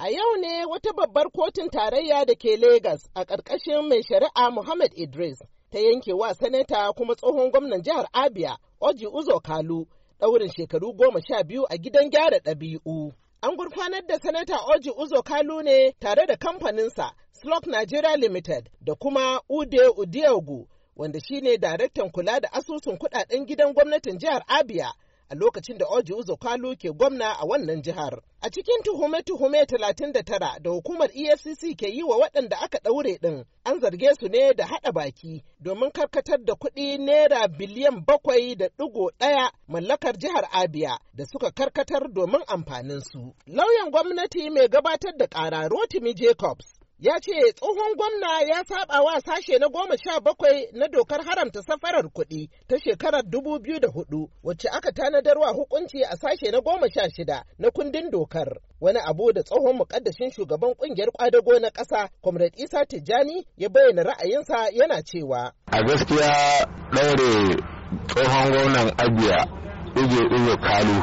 A yau ne wata babbar kotun tarayya da ke Legas a ƙarƙashin mai shari'a Muhammad Idris ta yanke wa sanata kuma tsohon gwamnan jihar Abia Oji Uzo Kalu ɗaurin shekaru goma sha biyu a gidan gyara ɗabi'u. An gurfanar da sanata Oji Uzo Kalu ne tare da kamfaninsa Slok Nigeria Limited da kuma Ude Udiogu wanda shi ne daraktan kula da asusun kuɗaɗen gidan gwamnatin jihar Abia a lokacin da Oji Uzo Kalu ke gwamna a wannan jihar. A cikin tuhume-tuhume 39 da hukumar EFCC ke yi wa waɗanda aka ɗaure ɗin, an zarge su ne da haɗa baki domin karkatar da kuɗi naira biliyan bakwai da ɗigo ɗaya mallakar jihar Abia da suka karkatar domin amfaninsu. Lauyan gwamnati mai gabatar da ƙara Rotimi Jacobs ya ce tsohon gwamna ya saba wa sashe na goma sha bakwai na dokar haramta safarar kuɗi ta shekarar dubu biyu da hudu wacce aka tanadar wa hukunci a sashe na goma sha shida na kundin dokar wani abu da tsohon muƙaddashin shugaban ƙungiyar kwadago na ƙasa comrade isa tijjani ya bayyana ra'ayinsa yana cewa a gaskiya ɗaure tsohon gwamnan ajiya, ije ije kalu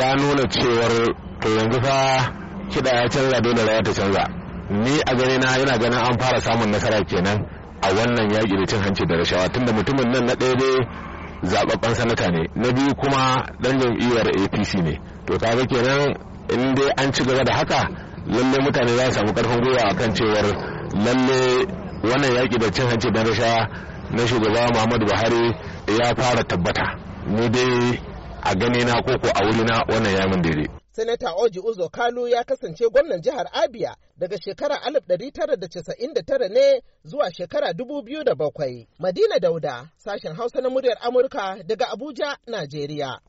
ya nuna cewar to yanzu fa kiɗa ya canza dole rawa ta canza ni a gani na yana ganin an fara samun nasara kenan a wannan yaƙi da cin hanci da rashawa tunda mutumin nan na ɗaya dai sanata ne na biyu kuma ɗan jam'iyyar apc ne to kaga kenan in dai an ci gaba da haka lalle mutane za su samu ƙarfin gwiwa akan cewar lalle wannan yaƙi da cin hanci da rashawa na shugaba muhammadu buhari ya fara tabbata ni dai a gane na koko a wuri na wannan yamin daidai Sanata Oji Uzo Kalu ya kasance gwamnan jihar Abia daga shekara 1999 ne zuwa shekara 2007. Madina Dauda, sashen Hausa na muryar Amurka daga Abuja, Najeriya.